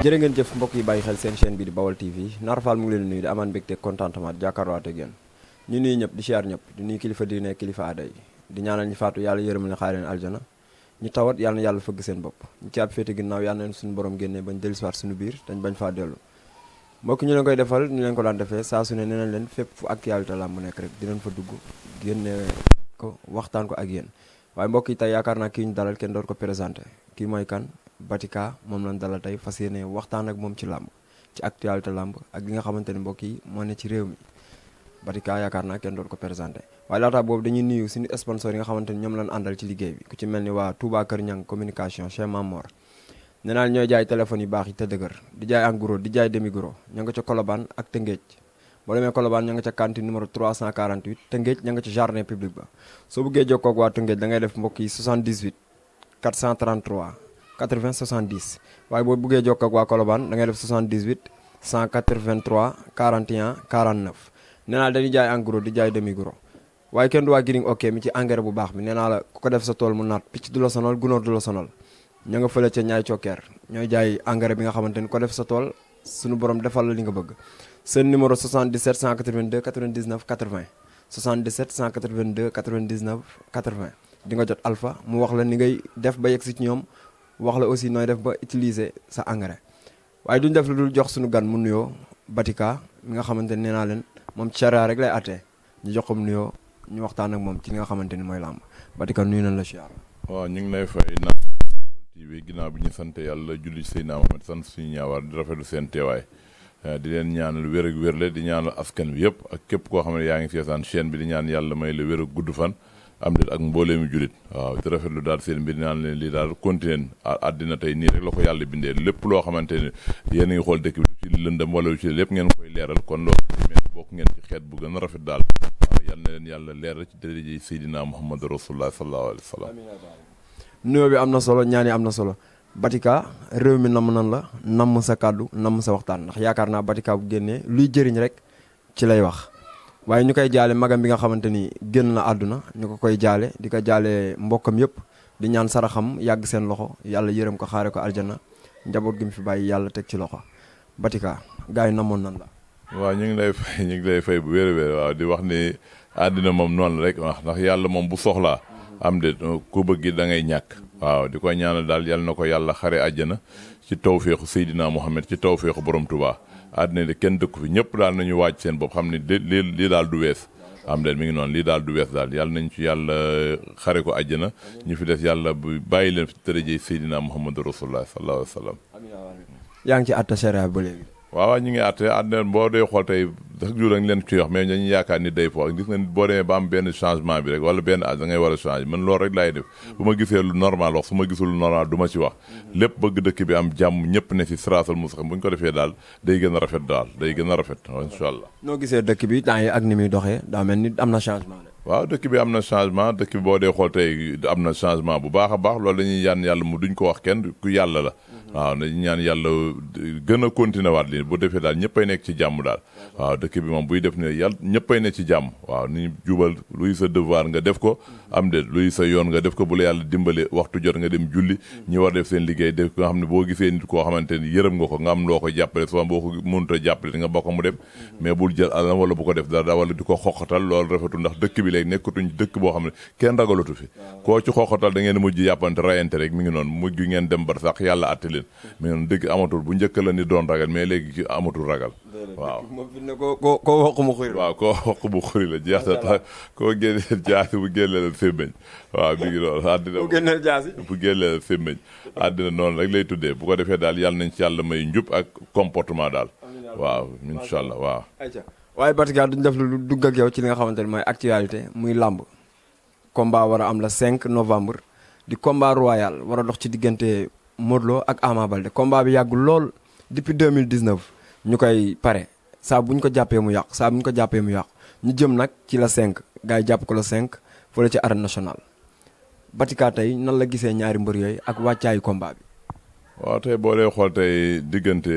jërë ngeen jëf mbokk yi bàyyi xel seen chaîne bi di Bawal TV Naar Fall mu ngi leen nuyu di amaan mbégte contentement jàkkaarloo ak yéen ñu nuyu ñëpp di siyaar ñëpp di nuyu kilifa diine kilifa aada yi di ñaanal ñu faatu yàlla yërëm na xaar leen aljana ñu tawat yàlla na yàlla fëgg seen bopp ñu ci ab ginnaaw yàlla na suñu borom génnee bañ dellusiwaat suñu biir dañ bañ faa dellu mbokk ñu leen koy defal ñu leen ko daan defee saa su ne leen fépp fu actualité làmb rek dinañ fa dugg génne ko waxtaan ko ak yéen waaye mbokk yi tey yaakaar naa kii ñu dalal kenn door ko présenté kii mooy kan Batika moom lañ dalal tey fas yéene waxtaan ak moom ci làmb ci actualité làmb ak li nga xamante ni mbokk yi moo ne ci réew mi Batika yaakaar naa kenn doon ko présenté waaye laata boobu dañuy nuyu suñu sponsor yi nga xamante ni ñoom lañ àndal ci liggéey bi ku ci mel ni waa Touba Kër Ñang communication chez Mamor nee naa ñooy jaay téléphone yi baax yi te dëgër di jaay en gros di jaay demi gros ña nga ca Colobane ak Tëngéej boo demee Colobane ña nga ca cantine numéro 348 Tëngéej ña nga ca jardin public ba soo bëggee jokkoo ak waa Tëngéej da ngay def mbokk yi 78 433 80 70 waaye boo bëggee jokk ak waa Colobane da ngay def 78 183 nee naa dañuy jaay en di jaay demi gros waaye kenn du waa Giring ok mi ci engrais bu baax bi nee naa la ko def sa tool mu naat picc du la sonal gunóor du la sonal ña nga fële ca ñaay cokkeer ñooy jaay engrais bi nga xamante ni ko def sa tool suñu borom defal la li nga bëgg seen numéro 77 182 99 80 77 182 99 80 di nga jot alpha mu wax ni ngay def ba yegg si ñoom wax la aussi nooy def ba utiliser sa engrais waaye duñ def lu dul jox suñu gan mu nuyoo Batika mi nga xamante ne nee naa leen moom caria rek lay attee ñu jox ko mu nuyoo ñu waxtaan ak moom ci li nga xamante ni mooy làmb Batika nuyu nañ la si yàlla. waaw ñu ngi lay fay na TV ginnaaw bi ñu sant yàlla julli Seydina Mohamed sant suñu ñaawaar di rafetlu seen teewaay. Eh, di leen ñaanal wér ak wér le di ñaanal askan wi yëpp ak képp koo xam ne yaa ngi seetaan chaîne bi di ñaan yàlla may la wér gudd fan am déet ak mbooleemu julit waaw te rafetlu daal seen mbir naan leen lii daal continent àddina tey nii rek la ko yàlla bindee lépp loo xamante ne yéen a ngi xool dëkk bi ci lëndëm wala lépp ngeen koy leeral kon loolu mel bokk ngeen ci xeet bu gën a rafet daal waaw yal na leen yàlla leeral ci daraje Seydina Muhammad rasulullah sallallahu alayhi wa sallam nuyoo bi am na solo ñaan yi am na solo Batika réew mi namm nan la namm sa kàddu namm sa waxtaan ndax yaakaar naa Batika bu génnee luy jëriñ rek ci lay wax waaye ñu koy jaale magam bi nga xamante ni génn na àdduna ñu ko koy jaale di ko jaale mbokkam yëpp di ñaan saraxam yàgg seen loxo yàlla yërëm ko xaare ko aljana njaboot gi mu fi bàyyi yàlla teg ci loxo Batika gars yi namoon nan la. waaw ñu ngi lay fay ñu lay fay bu wér a waaw di wax ni àddina moom noonu rek wax ndax yàlla moom bu soxlaa. am de ku bëggi da ngay ñàkk. waaw di ko ñaanal daal yal na ko yàlla xare àjjana ci tawféexu Seydina Mohamed ci tawféexu borom Touba. àddina de kenn dëkku fi ñëpp daal nañu waaj seen bopp xam ne lii lii daal du wees am leen mi ngi noonu lii daal du wees daal yàlla nañ ci yàlla xare ko àjjana ñu fi des yàlla bu bàyyi leen fi tërëjee Seydina Muhammadu Rasulullah sallallahu alayhi wa sallam yaa ngi ci atta bi ba léegi waaw ñu ngi àtte àddina boo dee xool tey chaque jour dañ leen ciy wax mais dañuy yaakaar ni day foofu gis nga boo demee ba bi rek wala benn as da ngay a changer man rek laay def bu ma gisee lu normal wax su ma gisul lu normal du ma wax lépp bëgg dëkk bi am jàmm ñëpp ne ci siraatal mustaqiim bu ñu ko defee daal day gën a daal day gën a rafet incha allah gisee dëkk bi temps yi ak ni muy doxee daa ni am na changement waaw dëkk bi am na changement dëkk bi boo dee xool am na changement bu baax a baax loolu dañuy yaan yàlla mu duñ ko wax kenn ku yàlla la waaw nañu ñaan yàlla gën a continuer waat lii bu defee daal ñëppay nekk ci jàmm daal waaw dëkk bi moom buy def ne yàlla ñëppay nekk ci jàmm waaw ni jubal luy sa devoir nga def ko am de luy sa yoon nga def ko bu la yàlla dimbale waxtu jot nga dem julli ñi war def seen liggéey def ko nga xam ne boo gisee nit koo xamante ni yërëm nga ko nga am loo ko jàppale souvent boo ko mënut a jàppale nga bokk mu dem mais bul jël alal wala bu ko def dara wala di ko xoqatal loolu rafetul ndax dëkk bi léegi nekkatuñ dëkk boo xam ne kenn ragalatu fi koo ci xoqatal da ngeen mujj yàppante rayante rek mi ngi noonu mujj ngeen dem din mais noonu amatul bu njëkk la ni doon ragal mais léegi ki amatul ragal waaw ko ko woq mu xuri waaw koo woq mu xuri la jeex tax koo génneel jaasi bu génneel fémmeñ waaw mi ngi loolu àddina bu génneel jaasi bu génneel fémmeñ àddina noonu rek lay tuddee bu ko defee daal yàlla nañ ci yàlla may njub ak comportement daal waaw incha allah waaye Batika duñ def lu dugg ak yow ci li nga xamante ne mooy actualité muy làmb combat war a am la 5 novembre di combat royal war a dox ci diggante Modou ak Ama Baldé combat bi yàggul lool depuis 2019 ñu koy pare saa bu ñu ko jàppee mu yàq saa bu ñu ko jàppee mu yàqu ñu jëm nag ci la 5 gars yi jàpp ko la 5 fële ci arène national Batika tey nan la gisee ñaari mbër yooyu ak wàccaayu combat bi. waaw tey boo dee xool tey diggante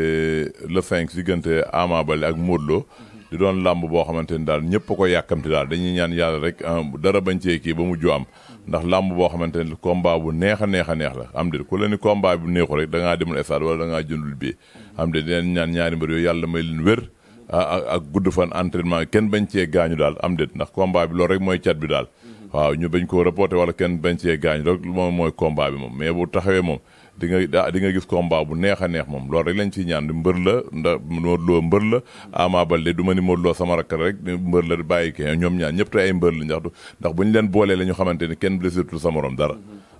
le fenk diggante Ama Baldé ak Modou mhm. di doon làmb boo xamante ni daal ñëpp a ko yàkkamti daal dañuy ñaan yàlla rek ah, dara bañ cee kii ba mu ju am ndax làmb boo xamante ne combat bu neex a neex a neex la am de ku la ni combat bu neexu rek da ngaa demul stade wala da ngaa jëndul bi am de dineen ñaan ñaari mbër yooyu yàlla may leen wér ak gudd fan entraînement kenn bañ cee gaañu daal am de ndax combat bi loolu rek mooy cat bi daal mm-hmm. waaw ñu bañ koo reporté wala kenn bañ cee gaañu rek moo mooy combat bi moom mais bu taxawee moom di nga ah, di nga gis combat bu neex a neex moom loolu rek lañ ciy ñaan di mbër la ndax Modou Lo mbër la Ama Baldé du ma ni Modou Lo sama rakk rek mbër la bàyyi kii ñoom ñaan ñëpp te ay mbër la ndax bu ñu leen boolee la ñu xamante ni kenn blessurtul sa morom dara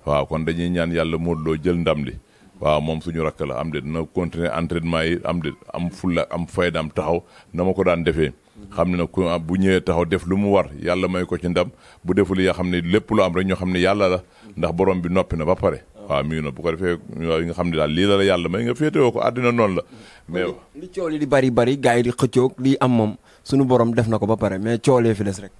waaw kon dañuy ñaan yàlla Modou Lo jël ndam li waaw moom suñu rakk la am de dina continuer entraînement yi am de am fulla am fayda am taxaw na ma ko daan defee xam ne nag ku ah, bu ñëwee taxaw def lu mu war yàlla may ko ci ndam bu deful yaa xam ne lépp lu am rek ñoo xam ne yàlla la ndax boroom bi noppi na ba pare waaw mi ngi noonu bu ko defee yi nga xam ne daal lii la la yàlla may nga féetewoo ko àddina noonu la mais li coow li di bari bari gaa yi di xëccoog lii am moom suñu borom def na ko ba pare mais coolee fi des rek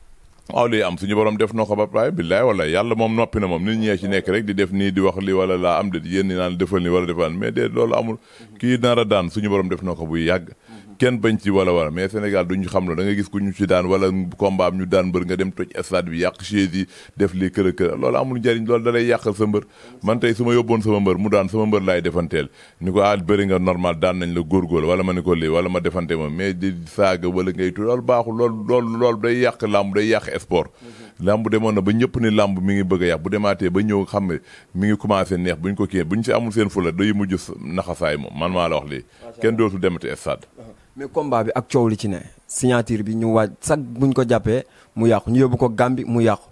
waaw liy am suñu borom def na ko ba pare billaay wala yàlla moom moom nit ñee ci nekk rek di def nii di wax li wala laa am de yéen ñi naan defal nii wala defal mais de daan suñu borom def na ko buy yàgg kenn bañ ci wala wala mais Sénégal duñu xam la da nga gis ku ñu ci daan wala combat am daan mbër nga dem toj stade bi yàq chaise yi lii kër kër amul njariñ loolu da lay yàqal sa mbër man tey su ma yóbboon sama mbër mu daan sama mbër laay defanteel ni ko ah bëri nga normal daan nañ la góorgóorlu wala ma ni ko lii wala ma defante moom mais di saaga wala nga tu loolu baaxul loolu loolu loolu day yàq làmb day yàq sport làmb demoon na ba ñëpp ni làmb mi ngi bëgg a yàq bu demaatee ba ñëw xam ne mi ngi commencé neex buñ ko kii buñ ci amul seen fula day mujj naxasaay moom man maa la wax lii kenn dootul demati stade uh-huh. mais combat bi ak coow li ci ne signature bi ñu waaj bu buñ ko jàppee mu yàqu ñu yóbbu ko Gambie mu yàqu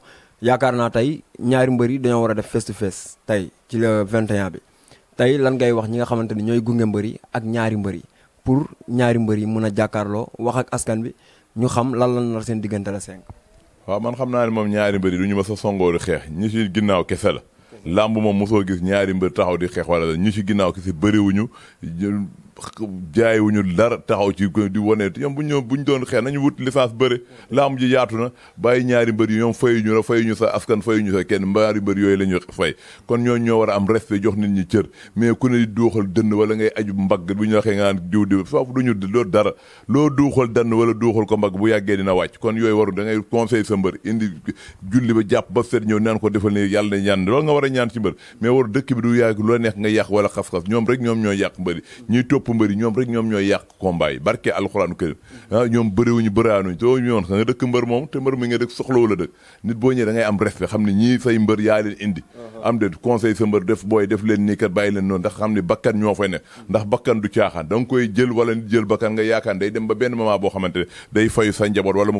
yaakaar naa tey ñaari mbër yi dañoo war a def face to face tey ci le 21 bi tey lan ngay wax ñi nga xamante ni ñooy gunge mbër yi ak ñaari mbër yi pour ñaari mbër yi mën a jàkkaarloo wax ak askan bi ñu xam lan lan la seen diggante la 5. waaw man xam naa ne moom ñaari mbër yi du ñu ma sa songoo di xeex ñu ci ginnaaw kese la làmb moom mosoo gis ñaari mbër taxaw di xeex wala ñu ci ginnaaw kese bëriwuñu jaay wu ñu dara taxaw ci di wane ñoom bu ñu buñ doon xeex nañu wut lifaas bëre laam ji yaatu na bàyyi ñaari mbër yi ñoom fayuñu la fayuñu sa askan fayuñu sa kenn mbaari mbër yooyu la ñu fay kon ñooñu ñoo a am respect jox nit ñi cër mais ku ne di wala ngay aju mbagg bu ñu waxee nga naan diw foofu duñu loolu dara loo duuxal dënn wala duuxal ko mbagg bu yàggee dina wàcc kon yooyu waru da ngay conseil sa mbër indi julli ba jàpp ba set ñëw naan ko defal ne yàlla na ñaan loolu nga war a ñaan ci mbër mais waru dëkk bi yàgg loo neex nga yàq wala xaf-xaf ñoom rek ñoom ñoo yàq mbër ñuy topp mbëri ñoom rek ñoom ñooy yàq combat yi barke alxuraanu kër ah ñoom bëriwuñu bëraanuñ te yoon sa nga dëkk mbër moom te mbër mi nga dëkk soxlawu la dëkk nit boo ñëwee da ngay am respect xam ne ñii say mbër yaa leen indi uh-huh. am de conseil sa mbër def booy def leen nii kat bàyyi leen noonu ndax xam ne bakkan ñoo fay ne uh-huh. ndax bakkan du caaxaan da nga koy jël wala nit jël bakkan nga yaakaar day dem ba benn moment boo xamante day fayu sa njaboot wala mu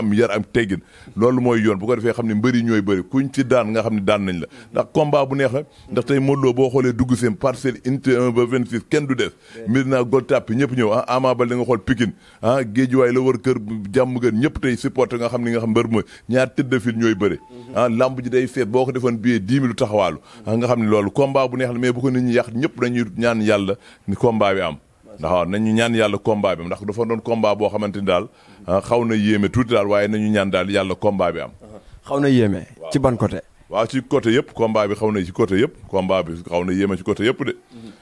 am yar am teggin loolu mooy yoon bu ko defee xam ne mbëri ñooy bëri kuñ ci daan nga xam ne daan nañ la ndax combat bu neex la ndax tey Modou Lo boo xoolee dugg seen parcelle unité ba 26 kenn du des Medina Gueule Tapée ñëpp ñëw ah Ama Baldé nga xool Pikine ah la wër kër jàmm gën ñëpp tey supporter nga xam ni nga xam mbër mooy ñaar tëdd fil ñooy bëri mm-hmm. ah lamb ji day feet boo ko defoon billet 10 000 taxawaalu mm-hmm. ah, nga xam ne loolu combat bu neex la ñëpp dañuy ñaan yàlla ni ndax nañu ñaan yàlla combat bi ndax dafa doon combat boo xamante ni daal ah, xaw na yéeme tuuti daal waaye nañu ñaan daal yàlla combat bi am. xaw na yéeme. ci ban côté. waaw ci côté yëpp combat bi xaw na ci côté yëpp combat bi xaw na yéeme ci côté yëpp de.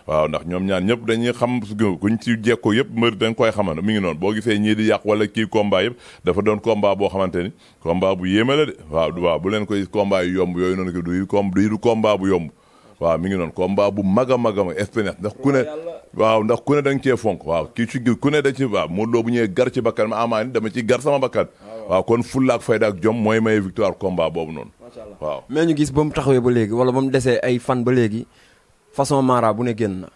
waaw ndax ñoom ñaan ñëpp dañuy xam kuñ ci jekkoo yëpp mbër da nga koy xaman mi ngi noon boo gisee ñii di yàq wala kii combat yëpp dafa doon combat boo xamante ni combat bu yéeme la de waaw waaw bu leen koy combat yomb yooyu noonu du du combat bu yomb waaw mi ngi noonu combat bu mag a mag a mag FPNF ndax ku ne waaw ndax ku ne da nga cee fonk waaw kii ci ku ne da ci waaw Modou Lo bu ñëwee gar ci bakkan ma amaani dama ci gar sama bakkan ah, waaw kon fulla ak ak jom mooy may victoire combat boobu noonu waaw mais ñu gis ba mu taxawee ba léegi wala ba mu desee ay fan ba léegi façon mara bu ne génn na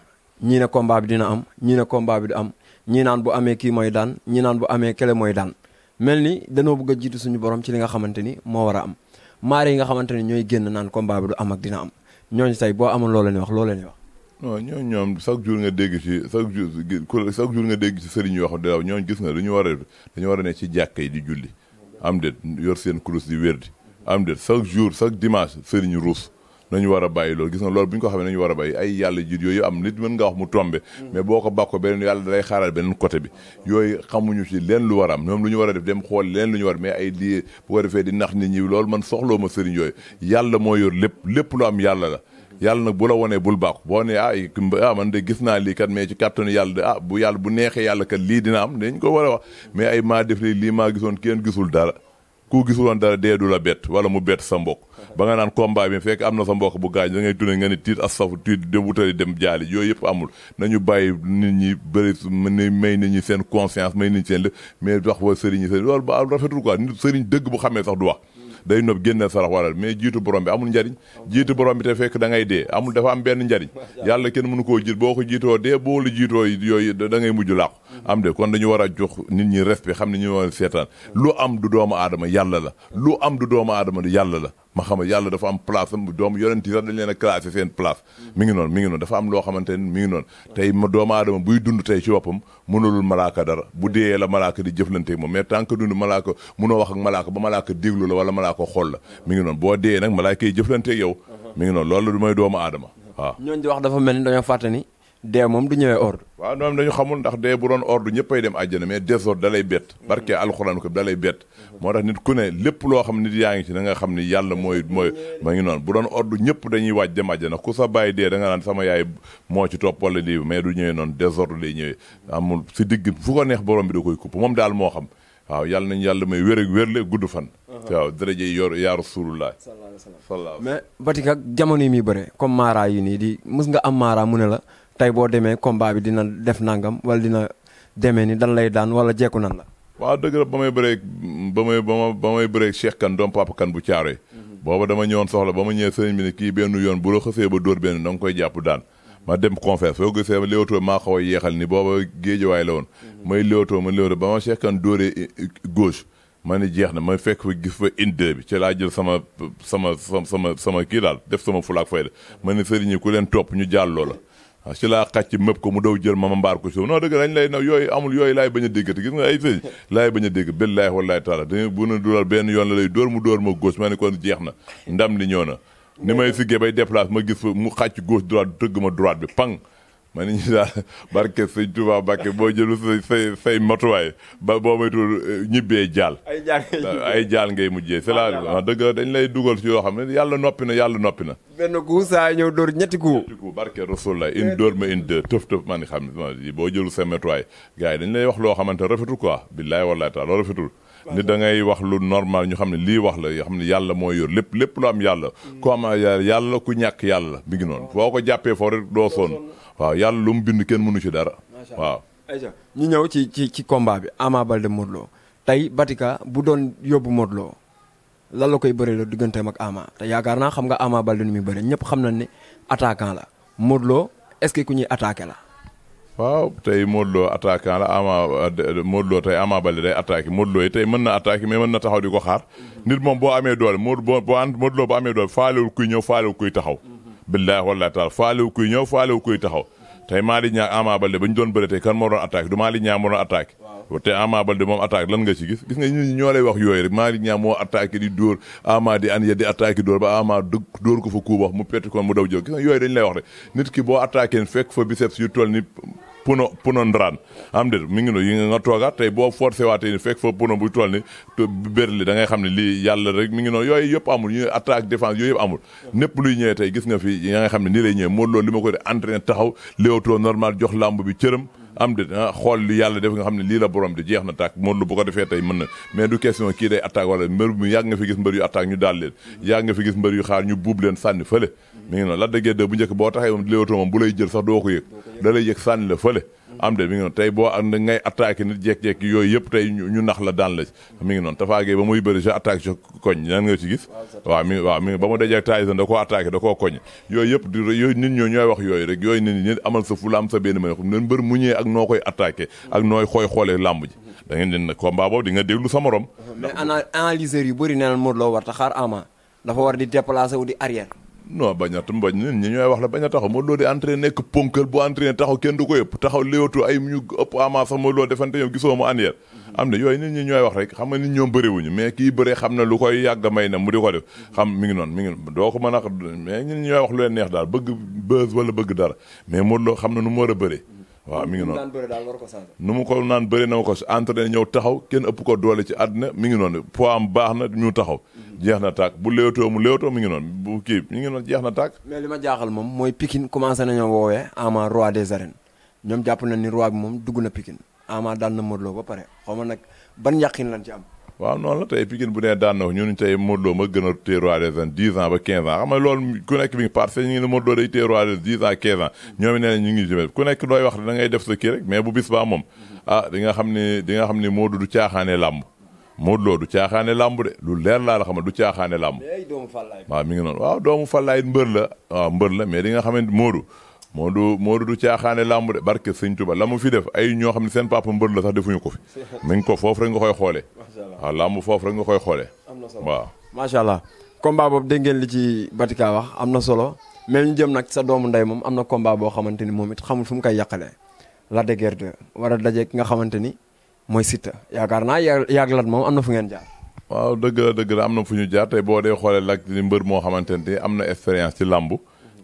ñii ne combat bi dina am ñii ne combat bi du am ñii naan bu amee kii mooy daan ñii naan bu amee kele mooy daan mel ni danoo bëgg a jiitu suñu borom ci li nga xamante ni moo war am maara yi nga xamante ni ñooy génn naan combat bi du am ak dina am ñooñu say boo amoon loo leen wax loo leen wax. non ñooñu ñoom chaque jour nga dégg ci chaque jour chaque jour nga dégg ci sëriñ yi wax daaw ñooñu gis nga dañu war a dañu war a ne ci jàkka yi di julli. am déet yor seen kurus di wérdi. am déet chaque jour chaque dimanche sëriñ ruus. nañu war a bàyyi loolu gis nga lool bu ñu ko xamee nañu war a bàyyi ay yàlla jiit yooyu am nit mën nga wax mu tombe mais boo ko bàkkoo beneen yàlla dalay xaaral beneen côté bi yooyu xamuñu ci leen lu war a am ñoom ñu war a def dem xool leen lu ñu war mais ay lii bu ko defee di nax nit ñi lool man soxloo ma sëriñ yooyu yàlla moo yor lépp lépp lu am yàlla la yàlla nag bu la wonee bul baax boo ne ah, ah man de gis naa lii kat mais ci kàttanu yàlla de ah bu yàlla bu neexee yàlla kat lii dina am dañ ko war a wax mais ay maa def lii maa gisoon kenn gisul dara ku gisuloon dara dee du la bet wala mu bett sa mbokk ba nga naan combat bi fekk am na sa mbokk bu gaañ da ngay dune nga ne tiit astafu tiit de wutali dem jaali yooyu yëpp amul nañu bàyyi nit ñi bëri may nit ñi seen conscience may nit ñi seen lépp mais wax wa sëriñ yi sëriñ loolu ba rafetul ko nit sëriñ dëgg bu xamee sax du wax day nopp génneel sarax waral mais jiitu borom bi amul njariñ jiitu borom bi te fekk da dee amul dafa am benn njariñ yàlla kenn mënu koo jiit boo ko jiitoo dee boo la jiitoo yooyu da ngay mujj làqu am de kon dañu war a jox nit ñi respect xam ni ñu war seetaan lu am du doomu aadama yàlla la lu am du doomu aadama du yàlla la ma xam yàlla dafa am place am doom yonent yi sax dañ leen a classé seen mm. noonu mi noonu dafa am loo xamante ne mi noonu tey ma doomu aadama bu mm. deeyee la malaaka di jëflante moom mais tant que dund malaaka mënoo wax ak malaaka ba malaaka déglu la wala malaaka xool la mm. mi ngi noonu boo deeyee nag malaaka yi jëflante yow mm-hmm. mi noonu loolu du may doomu aadama waaw dee moom du ñëwee ordre waaw ñoom dañu xamul ndax dee bu doon ordre ñëppay dem àjjana mais désordre da lay bett mm-hmm. barke alxuraan ko da bett moo tax nit ku ne lépp loo xam nit yaa ngi ci da nga xam ni yàlla mooy mooy ma ngi noonu bu doon ordre ñëpp dañuy wàaj dem àjjana ku sa bàyyi dee da nga naan yaay moo ci topp wala lii mais du ñëwee noonu désordre lay ñëwee amul si digg fu ko neex borom bi da koy kupp moom daal moo xam waaw yàlla nañu yàlla may wér ak gudd fan uh-huh. waaw dërëje yor yaa rasulullah sallallahu alayhi wasallam mais Batika jamono yi muy bëre comme maara yi nii di mus nga am maara mu ne la tey boo demee combat bi dina def nangam wala dina demee ni dan lay daan wala jekku nan la. waaw dëgg la ba may bëreeg ba may ba ma ba may bëreeg Cheikh Kane doom papa Kane bu caaree. Mhm. booba dama ñëwoon soxla ba ma ñëwee sëriñ bi ne kii benn yoon bu la xësee ba dóor benn da nga koy jàpp daan. Mhm. ma dem confesse soo gisee ma léewatoo maa xaw a yeexal ni booba géejawaay la woon. Mhm. may léewatoo ma léewatoo ba ma Cheikh Kane dóoree eh, eh, gauche. ma ne jeex na ma fekk fa gis fa inde bi ci laa jël sama sama sama sama kii daal def sama fulaak fayda ma ne sëriñ leen topp ñu jàlloo la. waaw ah, ci laa xàcc mëpp ko mu daw jël mama mbaar ko suuf non dëgg dañ lay naw yooyu amul yooyu laay bañ a dégg te gis nga ay sëy laay bañ a dégg billaahi wallaahi taala dañu bu na dural benn yoon la lay dóor mu dóor ma góos ma ne kon jeex na ndam li ñëw na ni may siggee bay déplace ma gis mu xàcc gauche droite tëgg ma droite bi pang ma ni ñu daal barke sëñ Touba boo jëlu say say say matuwaay ba boo moytuwul eh, ñibbee jaal. ay jaal ngay mujjee c'est la wax dëgg dañ lay dugal ci yoo xam ne yàlla noppi na yàlla noppi na. benn ku saa ñëw dóor ñetti ku. ñetti ku barke Rasulullah une dóor ma une deux tëf tëf ma ni xam ne boo jëlu say matuwaay gars dañ lay wax loo xamante ko quoi billaay wallaay taala rafetul. ni da ngay wax lu normal ñu xam ne lii wax la yoo xam ne yàlla mooy yor lépp lépp lu am yàlla ku am yàlla ku ñàkk yàlla bi ngi noonu foo ko jàppee foo rek doo sonn waaw yàlla lu mu bind kenn mënu ci dara waaw ayca ñu ñëw ci ci ci combat bi Ama Baldé Modou Lo tey Batika bu doon yóbbu Modou Lo lan koy bëree la digganteem ak Ama te yaakaar naa xam nga Ama Baldé nu muy bëri ñëpp xam na ni attaquant la Modou Lo ku ñuy attaqué la waaw tey Modou Lo attaquant la Ama euh, Modou Lo tey day attaqué Modou yi tey mën na attaqué mais mën na taxaw di ko xaar nit moom boo amee doole Modou boo boo ànd Modou Lo boo amee doole faalewul kuy ñëw faalewul kuy taxaw billaahi wallaahi taala faalewul kuy ñëw faalewul kuy taxaw tey Malick Niang Ama Baldé ba ñu doon bëre kan moo doon attaqué du Malick Niang moo doon attaqué te Ama Baldé moom attaque lan nga ci gis gis nga ñun ñoo wax yooyu rek Malick Niang moo attaqué di dóor Ama di an ya di dóor ba Ama dëgg dóor ko fa kuubax mu petti ko mu daw yooyu dañ lay wax rek ki boo attaqué fekk fa biceps yu toll ni puno puno ndaraan am déet mi ngi no yi nga tey boo forcé waatee ni fekk fa puno da ngay xam ne lii yàlla rek mi ngi noonu yooyu yëpp amul ñu attaque défense yooyu yëpp amul népp gis nga fi ya nga xam ne nii lay ñëwee moo loolu li ma ko de entraîné taxaw léewtoo normal jox làmb bi cëram am de ah xool li yàlla def nga xam ne lii la borom di jeex na tàkk Modou Lo bu ko defee tey mën na mais du question kii day attaque wala mbër mu yàgg nga fi gis mbër yu attaque ñu daal leen yàgg nga fi gis mbër yu xaar ñu buub leen sànni fële mi ngi noonu la dëggee bu njëkk boo taxee moom di léewatoo moom bu lay sax doo ko yëg da lay sànni la fële am de mi ngi noonu tey boo am ngay attaqué nit jékki-jékki yooyu yëpp tey ñu nax la daan la mi ngi noonu Tapha Gueye ba muy bëri sa attaque sa koñ nan nga ci gis waaw mi waaw mi ngi ba mu dajee Tyson da koo attaqué da koo koñ yooyu yëpp di yooyu nit ñoo ñooy wax yooyu rek yooyu nit ñi amal sa fula am sa benn mën nan mbër muñee ak noo koy attaqué ak nooy xooy xoolee làmb ji da ngeen den combat boobu di nga déglu sa morom mais analyseur yu bëri nee na Modou Lo war war di wu di arrière non bañat mbañ ñun ñi ñooy wax la bañ a taxaw Modou Lo di entraîné nekk ponkal bu entraîné taxaw kenn du ko yëpp taxaw léewatu ay ñu ëpp ama sax Modou Lo defante ñoom gisoo mu anyeer am na yooyu nit ñi ñooy wax rek xam nga nit ñoom bëriwuñu mais kii bëree xam na lu koy yàgg may na mu di ko def xam mi ngi noon mi ngi doo ko mën a mais ñun ñooy wax lu leen neex daal bëgg buzz wala bëgg dara mais Modou loo xam na nu mu war a waaw mi ngi noonu nu mu ko naan bëri na ma ko entraîné ñëw taxaw kenn ëpp ko doole ci àddina mi ngi noonu poids am baax na ñu taxaw jeex na tàkk bu léewtoo mu léewtoo mi ngi noonu bu kii mi ngi noonu jeex na tàkk mais li ma jaaxal moom mooy Pikine commencé nañoo woowee Ama roi des arènes ñoom jàpp na ni roi bi moom dugg na Pikine Ama daal na Modou Lo ba pare xaw ma nag ban yàqin lañ ci am waaw noonu la tey Pikine bu nee daan na ñun tey Modou Lo ma gën a téye roi ba quinze ans xam ku nekk bi ngi parce ñu ngi ne Modou day téye roi des dix ans nee na ñu ngi jëmee ku nekk looy wax da def sa kii rek mais bu bis baa moom ah di nga xam ne di nga xam ne Modou du caaxaane làmb Modou Lo du caaxaane làmb de lu leer laa la xamal du caaxaane làmb waaw mi ngi noonu waaw doomu fallaay mbër la waaw mbër moo du moo du caaxaane làmb de barke sëñ Tuba la mu fi def ay ñoo xam ne seen papa mbër la sax defuñu ko fi mi ngi ko foofu rek nga koy xoolee waaw làmb foofu rek koy xoolee waaw macha allah combat boobu dégg li ci Batika wax am na solo mais jëm nag sa doomu ndey moom am na combat boo xamante ni moom it xamul fu mu koy yàqalee Lac de Guiers 2 war a daje ki nga xamante ni mooy Siteu yaakaar naa yàgg lat moom am na fu ngeen jaar waaw dëgg la dëgg la am na fu ñu jaar tey boo dee xoolee lak di mbër moo xamante ni am na expérience ci làmb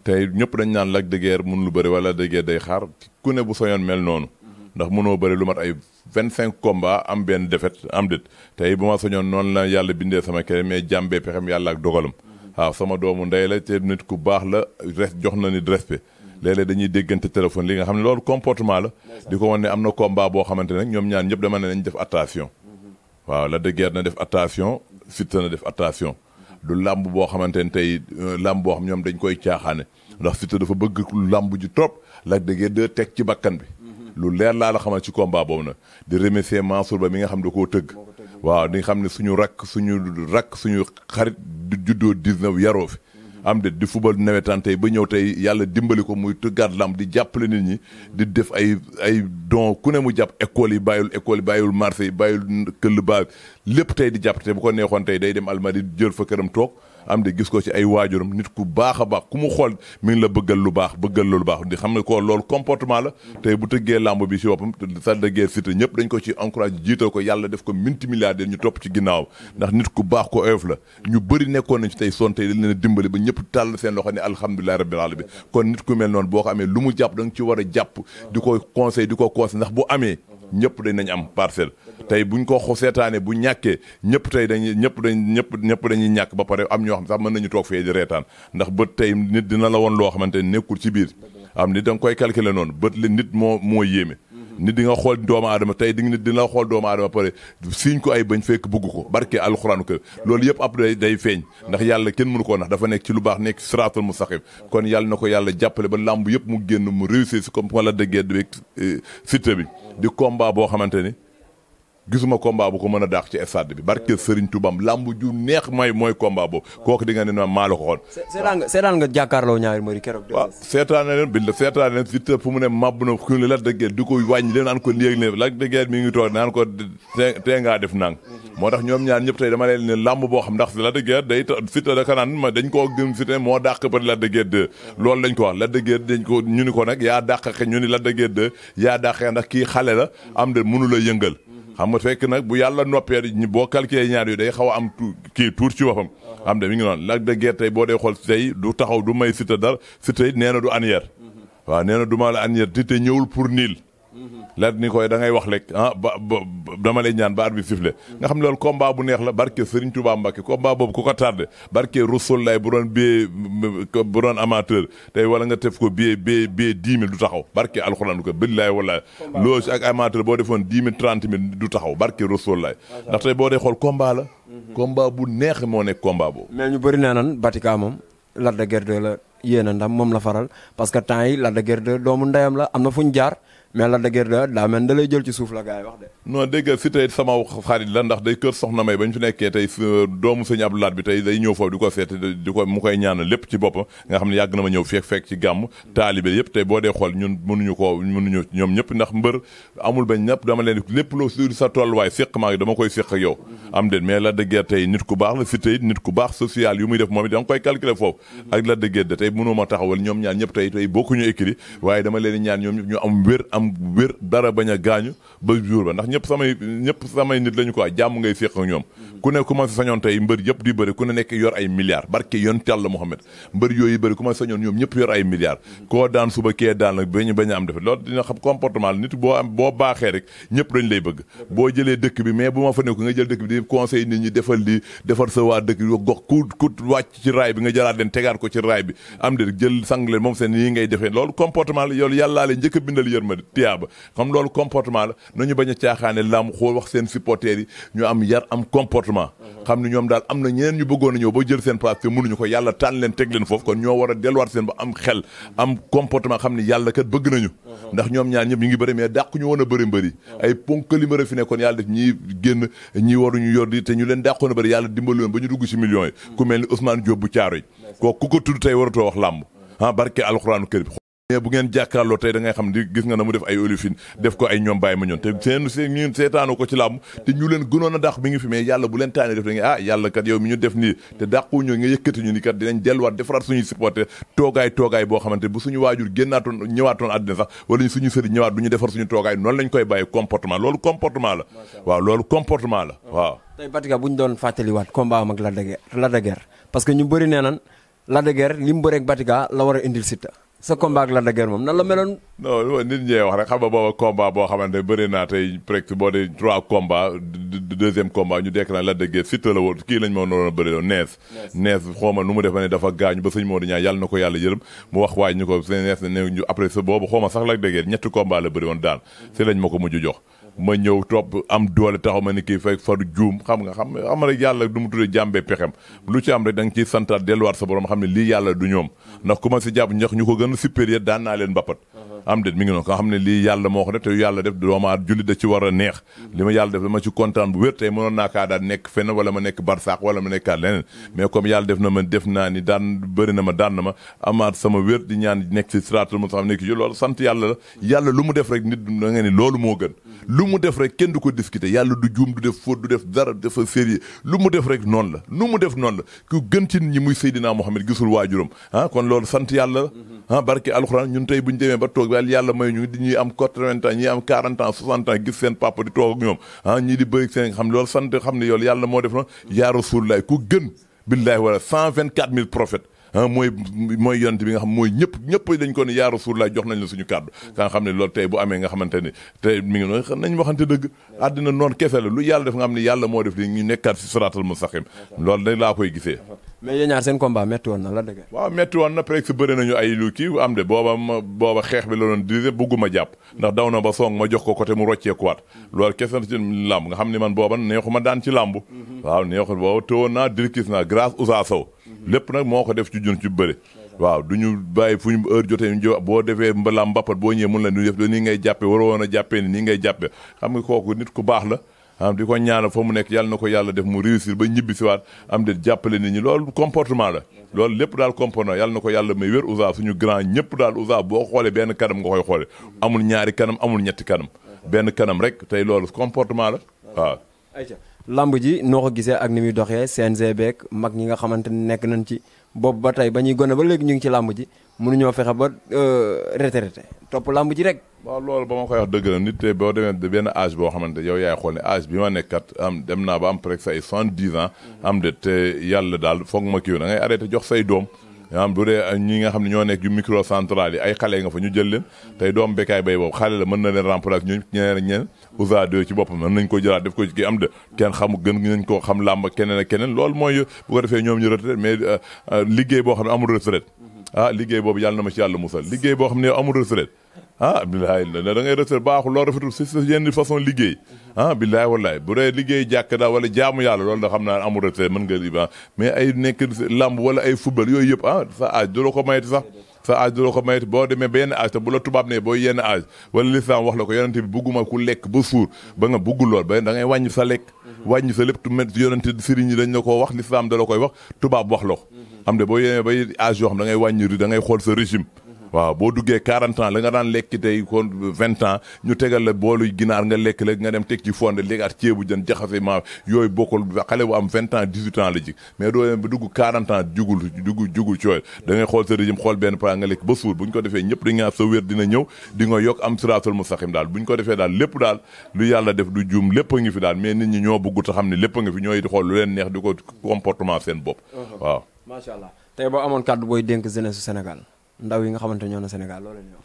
tey ñëpp dañ naan Lac de Guiers mun lu bëri wala de Guiers day xaar ku ne bu soñoon mel noonu ndax mënoo bëri lu mat ay vingt cinq combats am benn défaite am déet tey boo ma soñoon noonu la yàlla bindee sama kere mais jàmbee pexem yàlla ak dogalam waaw sama doomu ndey la te nit ku baax la res jox na nit respect léeg dañuy déggante téléphone li nga xam ne loolu comportement la di ko wan ne am na combat boo xamante ne ñoom ñaan ñëpp dama ne nañ def attention waaw Lac de na def attention Siteu na def attention lu làmb boo xamante ne tey euh, làmb boo xam ñoom dañ koy caaxaane ndax Siteu dafa bëgg làmb ji trop Lac de Guiers teg ci bakkan bi lu leer laa la xamal ci combat boobu nag di remercier Mansour Ba mi nga xam da koo tëgg waaw di xam ne suñu rakk suñu rakk suñu xarit juddoo 19 yaroo fi am de di football nawetaan tey ba ñëw tey yàlla dimbali ko muy tëggaat lam di jàppale nit ñi di def ay ay don ku ne mu jàpp école yi bàyyul école yi bàyyul marché yi bàyyul këll baa lépp tey di jàpp te bu ko neexoon tey day dem Almadies jël fa këram toog am de gis ko ci ay waajuram nit ku baax a baax ku mu xool mi la bëggal lu baax bëggal lu baax di xam ne ko loolu comportement la tey bu tëggee làmb bi si boppam sa dëggee Siteu ñëpp dañ ko ci encouragé jiital ko yàlla def ko multimilliardaire ñu topp ci ginnaaw ndax nit ku baax ko oyof la ñu bëri nekkoon nañ ci tey son tey dañ leen dimbali ba ñëpp tàll seen loxo ne alhamdulilahi rabbil alamin kon nit ku mel noonu boo ko amee lu mu jàpp da nga ci a jàpp di ko conseil di ko conseil bu amee ñëpp dañ nañ am parcelle tey buñ ko seetaanee bu ñàkkee ñëpp tey dañuy ñëpp dañ ñëpp ñëpp dañuy ñàkk ba pare am ñoo xam sax mën nañu toog fee di reetaan ndax bët tey nit dina la woon loo xamante ne nekkul ci biir am nit da koy calculer noonu bët li nit moo moo yéeme nit di nga xool doomu aadama tey di nga nit dina xool doomu aadama pare siiñ ko ay bañ fekk bëgg ko barke alxuraanu kër loolu yëpp ab day day feeñ ndax yàlla kenn mënu koo nax dafa nekk ci lu baax nekk siraatal mustaqim kon yàlla na ko yàlla jàppale ba làmb yëpp mu génn mu réussir si comme ma la déggee site bi di combat boo xamante ni gisuma combat bu ko mën a daax ci stade bi barke Serigne Toubam lamb ju neex may mooy combat boobu kooku di nga ne ma maa la ko xoon. seetaan nga seetaan nga jàkkaarloo ñaari mbër yi keroog. waaw ah, seetaan na leen bind seetaan na leen Siteu fu mu ne màbb di ko wàññi leen naan ko léeg-léeg la mhm. moo tax ñoom ñaar ñëpp tey dama leen ne boo xam ndax Lac de Guiers day Siteu da kanaan ma dañ koo gëm Siteu moo dàq par Lac de Guiers 2 mhm. loolu lañ ko wax Lac de Guiers dañ ko ñu ni ko nag yaa dàq ñu ni Lac de Guiers 2 yaa dàqee ndax kii xale la mhm. am de mënu la yëngal am nga fekk nag bu yàlla noppee ñi boo calculé ñaar yu day xaw a am kii tuur ci boppam am de mi ngi noon Lac de gerte tey boo dee xool tey du taxaw du may Siteu dara Siteu nee na du anière mhm. waaw nee na du ma la anière Siteu ñëwul pour niil laat ni koy da ngay wax lekk ah ba dama lay ñaan ba arbitre sifflé nga xam ne loolu combat bu neex la barke Serigne Touba Mbacké combat boobu ku ko tardé barke Rasul lay bu doon bie bu doon amateur tey wala nga tef ko bie bie bie dix mille du taxaw barke alxuraan ko billaay wallaay loolu si ak amateur boo defoon dix mille trente mille du taxaw barke Rasul lay ndax tey boo dee xool combat la mhm. combat bu neex moo nekk combat boobu mais ñu bëri nee nan Batika moom Lac de Guiers 2 la yéena moom la faral parce que temps yi Lac de doomu ndeyam la am na fu ñu jaar mais la dëgër da daa mel da jël ci suuf la gars yi wax de non dégg nga fi tey sama xarit la ndax day fi nekkee tey euh, doomu sëñ Abdou tey day ñëw foofu di ko seet di koy ñaanal lépp ci boppam nga xam ne yàgg na ma ñëw fekk fekk ci gàmm taalibe yëpp tey boo dee xool ñun mënuñu koo mënuñu ñoom ñëpp ndax mbër amul ba ñëpp dama leen lépp loo su sa tolluwaay séq maa ngi dama koy séq ak yow am déet mais la dëgër nit ku baax la fi nit ku baax social yu muy def moom it da nga koy calculer foofu ak la dëgër da tey mënoo ma taxawal ñoom ñaan ñëpp tey tey bokkuñu écrit waaye dama leen ñaan ñoom ñëpp ñu am wér am wér dara bañ a gaañu ba jour ba ndax ñëpp samay ñëpp samay nit lañu ko quoi jàmm ngay séq ak ñoom mm-hmm. ku ne commencé sañoon tey mbër yëpp di bëri ku ne nekk yor ay milliards barke yoon tell Mouhamed mbër yooyu bëri commencé sañoon ñoom ñëpp yor ay milliards mm-hmm. koo daan suba kee daan nag bañ a am defe loolu dina xam comportement la nit boo am boo baaxee rek ñëpp dañ lay bëgg boo jëlee dëkk bi mais bu ma fa nekk nga jël dëkk bi di conseil nit ñi defal lii defar sa waa dëkk bi gox ku ku wàcc ci tiyaaba xam loolu comportement la nañu bañ a caaxaane lam xool wax seen supporters yi ñu am yar am comportement mhm. xam ne ñoom daal am na ñeneen ñu bëggoon a ñëw ba jël seen place te mënuñu ko yàlla tànn leen teg leen foofu kon ñoo war a delluwaat seen ba am xel am comportement xam ne yàlla kat bëgg nañu mhm. ndax ñoom ñaar ñëpp ñu ngi bëri mais ñu woon a bëri mhm. ay ponk li mbëri fi nekkoon yàlla def ñi génn ñi waruñu yor di te ñu leen dàqoon a mais bu ngeen jàkkaarloo tey da xam di gis nga na mu def ay olifine def ko ay ñoom bàyyi ma te seen seetaanu ko ci làmb te ñu leen gënoon a dàq mi ngi fi mais yàlla bu leen taane def da nga ah yàlla kat yow mi ñu def nii te dàqu nga yëkkati ñu ni kat dinañ delluwaat defaraat suñuy supporter toogaay toogaay boo xamante bu suñu waajur génnaatoon ñëwaatoon àddina sax wala suñu sëriñ ñëwaat du ñu defar suñu toogaay noonu lañ koy bàyyi comportement sa combat ak Lac de Guiers moom nan la meloon. non lu ma nit ñee wax rek xam nga booba combat boo xamante bëri naa tey presque boo dee trois combat deuxième combat ñu dekk la woon kii lañ ma noonu bëri doon nees nees xaw ma nu mu def dafa gaañu ba sëñ moo di ñaan yàlla na ko yàlla yërëm mu wax waay ñu ko seen nees après sa boobu xaw sax Lac de ñetti combat la bëri woon daan si lañ ma ko mujj jox ma ñëw topp am doole taxaw ma ni kii fay faru juum xam nga xam am rek yàlla du da nga ciy santaat delluwaat sa borom xam ne lii yàlla du ñoom ndax ku ma si jàpp ñu zone supérieure daan naa leen mbappat am déet mi ngi noonu nga xam ne lii yàlla moo ko def te yàlla def jullit da ci war a neex li ma yàlla def dama ci kontaan bu wér tey mënoon naa kaa daan nekk fenn wala ma nekk barsaax wala ma nekkaat leneen mais comme yàlla def na ma def naa ni daan bëri na ma daan na ma amaat sama wér di ñaan nekk si siraatal mu xam nekk ci loolu sant yàlla la yàlla lu mu def rek nit da nga ni loolu moo gën lu mu def rek kenn du ko discuter yàlla du juum du def faute du la lu mu def noonu la ku gën toog daal yàlla may ñu di ñuy am quatre-vingts am quarante ans gis seen papa di toog ñoom ah ñii di bëri seen xam loolu sant xam ne yoolu ah ñëpp ñëpp dañ ko ne yaa Rasulullah jox nañ la suñu tey bu amee nga xamante ne tey mi ngi noonu nañ waxante dëgg àddina noon kese la lu yàlla def nga xam ne yàlla moo def li ñu nekkaat si siraatal mustaqim loolu da laa koy gisee mais yéen ñaar seen combat métti woon na la dëgg. waaw métti woon na presque bëri nañu ay lu kii am de booba ma booba xeex bi la doon dirigé bëgguma jàpp ndax daw na ba song ma jox ko côté mu rocceekuwaat loolu kese na ci làmb nga xam ni man booba ma daan ci làmb waaw neexul booba tëwoon naa dirkis naa grâce Ousa Sow lépp nag moo ko def ci jun ci bëri waaw du ñu bàyyi fu ñu heure jotee jo boo defee mbalam mbappat boo ñëwee mun la ñu def nii ngay jàppe waroo woon a jàppee ni nii ngay jàppe xam kooku nit ku baax la am di ko ñaanal fa mu nekk yàlla na ko yàlla def mu réussir ba ñibbi siwaat am de jàppale nit ñi loolu comportement la loolu lépp daal comportement yàlla na ko yàlla may wér Ouza suñu grand ñëpp daal Ouza boo xoolee benn kanam nga koy xoole amul ñaari kanam amul ñetti kanam benn kanam rek tey loolu comportement la waaw làmb ji noo ko gisee ak ni muy doxee CNG beeg mag ñi nga xamante ne nekk nañ ci boobu ba tey ba ñuy gone ba léegi ñu ngi ci lamb ji mënuñoo fexe ba euh, retraité topp lamb ji rek. waaw loolu ba ma koy wax dëgg la nit te boo demee benn âge boo xamante yow yaay xool ne âge bi ma nekkat am dem naa ba am presque ay soixante-dix ans. am de te yàlla daal foog ma kii da ngay arrêté jox say doom. maanaam bu dee ñii nga xam ne ñoo nekk yu micro central yi xale ñu jël leen tey doom bekkaay bay boobu xale la mën na leen remplacer ñeneen ak ñeneen ci boppam mën nañ koo jëlaat def ko ci kii am de kenn xamu gën nañ ko xam làmb keneen ak keneen loolu mooy bu ko defee ñoom ñu retraite mais euh, euh, liggéey boo xam ne amul retraite ah liggéey boobu yàlla na ma ci yàlla musal liggéey boo xam ne yow amul retraite ah billaay da ngay retraite baaxul loo rafetul si yenn façon liggéey ah billaay wallaay bu dee liggéey jàkk daal jaamu yàlla lool da xam naa amul retraite mën nga iba mais ay nekk lamb wala ay football yooyu yëpp ah sa aaj du la ko mayeti sax sa aaj du la ko mayeti boo demee ba yenn aaj te bu la tubaab ne boo yenn aaj wala lislaam wax la ko yonente bi bugguma ku lekk ba suur ba nga buggul lool ba da ngay wàññi sa lekk wàññi sa lépp tu met dañ la koo wax lislaam da la koy wax tubaab wax la xam ne boo yéene bay âge yoo xam da ngay wàññi da ngay xool sa régime waaw boo duggee quarante ans la nga daan lekk tey kon vingt ans ñu tegal la boolu ginaar nga lekk la nga dem teg ci fonde léegaat ceebu jën jaxase maa yooyu bokkul xale bu am vingt ans la ji mais doo ba dugg quarante jugul jugul cooy da ngay xool sa régime xool benn paa nga lekk ba suur bu ñu ko defee ñëpp dañaa sa wér dina ñëw di nga yokk am siraatul mustaqiim daal bu macha allah tey boo amoon kàddu booy dénk jeunesse su Sénégal ndaw yi nga xamante ñoo na Sénégal loolu la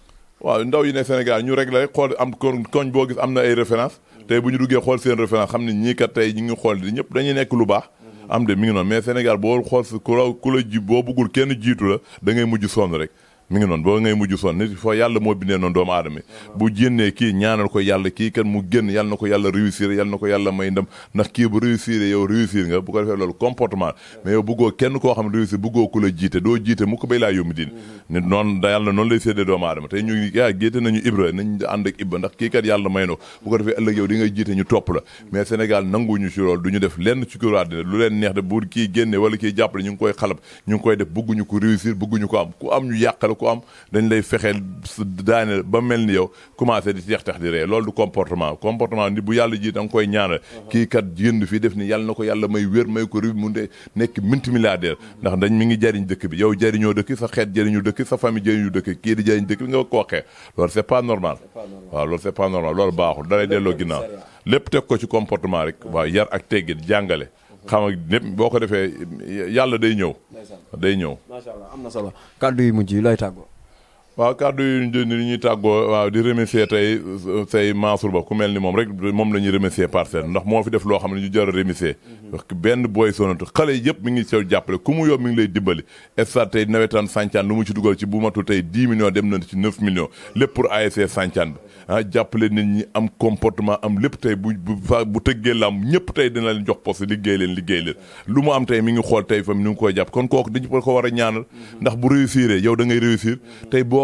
waaw ndaw yi ne Sénégal ñu rek la xool am koñ boo gis am na ay référence tey bu ñu duggee xool seen référence xam ne ñii kat tey ñu ngi xool di ñëpp dañuy nekk lu baax am de mi ngi noonu mais Sénégal boo xool si ku la ku la ji boo bëggul kenn jiitu la da ngay mujj sonn rek mi ngi noon boo ngay mujj sonn nit foo yàlla moo bindee noonu doomu aadama bu jénnee kii ñaanal ko yàlla kii kan mu génn yàlla na ko yàlla réussir yàlla na ko yàlla may ndam ndax kii bu réussir yow réussir nga bu ko defee loolu comportement mais yow bëggoo kenn koo xam ne réussir bëggoo ku la jiite doo jiite mu ko bay laa yómmu diin nit noonu da yàlla noonu lay séddee doomu aadama tey ñu yaa géete nañu ibra nañ ànd ak ibra ndax kii kat yàlla may no bu yow di nga jiite topp mais Sénégal nanguñu ci loolu du ñu lenn leen neex de bu kii génnee wala ngi koy xalab koy def bëgguñu ko réussir ko am wala am dañ lay su daane ba mel ni yow commencé di seex tax di ree loolu du comportement comportement ni bu yàlla ji da koy ñaanal kii kat du fii def ni yàlla na ko yàlla may wér may ko rébi mu de nekk multimilliardaire ndax dañ mi ngi jariñ dëkk bi yow jariñoo dëkk sa xeet jariñu dëkk sa famille jariñu dëkk kii di jariñ dëkk bi nga ko waxee loolu c'est pas normal waaw loolu c'est normal loolu baaxul dalay delloo ginnaaw lépp teg ko ci comportement rek waaw yar ak teggin jàngale xam nga lépp boo ko defee yàlla day ñëw. day ñëw macha allah am na solo kàddu yu mu ji lay tàggoo. waaw kàddu yi ñuy tàggoo waaw di remercier tey say Mansour Ba ku mel ni moom rek moom la ñuy remercier parcelle ndax moo fi def loo xam ne ñu jar a remercier mhm. parce que benn booy sonatu xale yëpp mi ngi sew jàppale ku mu yob mi ngi lay dimbali stade tey nawetaan Santhiane lu mu ci dugal ci bu matul tey 10 millions dem na ci 9 millions lépp pour ASC Santhiane bi ah jàppale nit ñi am comportement am lépp tey bu bu bu tëggee lam ñëpp tey dina leen jox poste liggéey leen liggéey leen mhm. lu mu am tey mi ngi xool tey fam ni ngi koy jàpp kon kooku dañu ko war a ñaanal mhm. ndax bu réussir yow da ngay réussir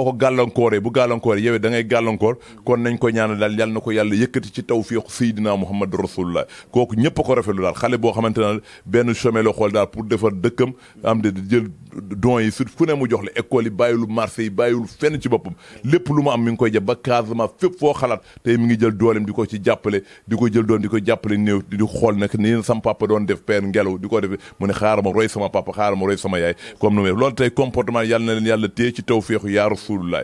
boo ko gàllankooree bu gàllankooree yow da ngay gàllankoor kon nañ ko ñaanal daal yal na ko yàlla yëkkati ci tawfiq Seydina Muhammad rasulullah kooku ñëpp a ko rafetlu daal xale boo xamante ne benn chemin la xool daal pour defar dëkkam am de jël don yi surtout fu ne mu jox la école yi bàyyilu marché yi bàyyilu fenn ci boppam lépp lu mu am mi ngi koy jël ba Casamance fépp foo xalaat tey mi ngi jël dooleem di ko ci jàppale di ko jël doon di ko jàppale néew di xool nag nii sama papa doon def père ngelaw di ko def mu ne xaaral ma roy sama papa xaaral ma roy sama yaay comme nu rasulullah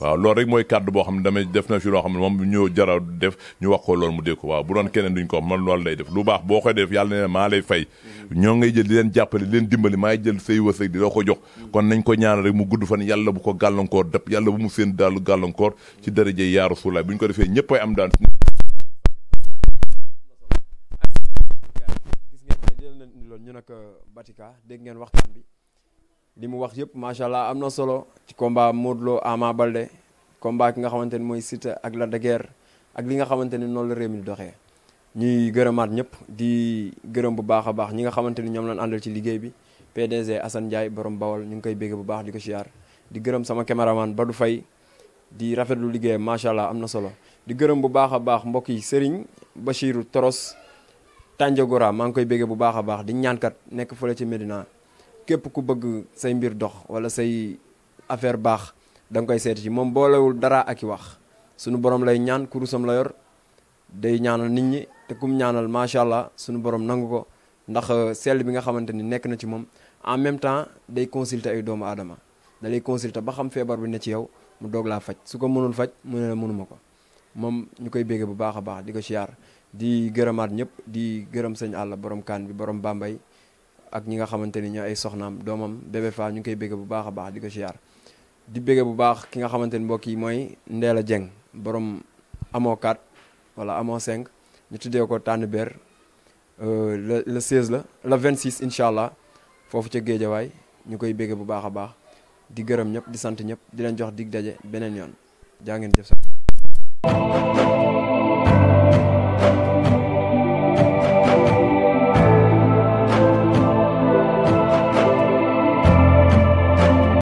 waaw loolu rek mooy kàddu boo xam ne damay def na fi loo xam ne moom ñoo jara def ñu wax ko loolu mu dégg ko waaw bu doon keneen duñ ko man loolu lay def lu baax boo koy def yàlla ko jox kon nañ ko ko gàllankoor dëpp yàlla bu mu seen daalu gàllankoor ci daraje yaa rasulullah bu ñu ko defee ñëpp ay am daan gis nañ loolu ñu nag Batika dégg ngeen waxtaan bi li mu wax yëpp macha allah am na solo ci combat Modou Lo Ama Baldé combat ki nga xamante ni mooy Siteu ak Lac de ak li nga xamante ni noonu la réew mi doxee ñuy gërëmaat ñëpp di gërëm bu baax a baax ñi nga xamante ni ñoom lañ àndal ci liggéey bi PDG Assane Ndiaye borom bawal ñu ngi koy bégg bu baax di ko siyaar di gërëm sama ba du fay di rafetlu liggéeyam macha allah am na solo di gërëm bu baax a baax mbokk yi Serigne Bachirou Toros Tandiagora maa ngi koy bégg bu baax a baax di ñaankat nekk fële ci Medina. képp ku bëgg say mbir dox wala say affaire baax danga koy seet ci moom boolewul dara ak i wax sunu borom lay ñaan kurusam la yor day ñaanal nit ñi te kum ñaanal macha allah sunu borom nangu ko ndax euh, sell bi nga xamante ni nekk na ci moom en même temps day consulter ay doomu aadama da lay consulter ba xam feebar bi ne ci yow mu doog laa faj su ko mënul faj mu ne la mënuma ko moom ñu koy béggee bu baax a baax di ko siyaar di gërëmaat ñëpp di gërëm sëñ àll borom kaan bi borom ak ñi nga xamante ni ñoo ay soxnaam doomam bébé Fall ñu ngi koy bégg bu baax a baax di ko siyaar di bégg bu baax ki nga xamante ni mbokk yi mooy Ndéla jeng borom amoo 4 wala amoo 5 ñu tuddee ko tànn beer euh, la le 16 la le 26 incha allah foofu ca géejawaay ñu koy bégg bu baax a baax di gërëm ñëpp di sant ñëpp di leen jox dig daje beneen yoon jaa ngeen jëf sax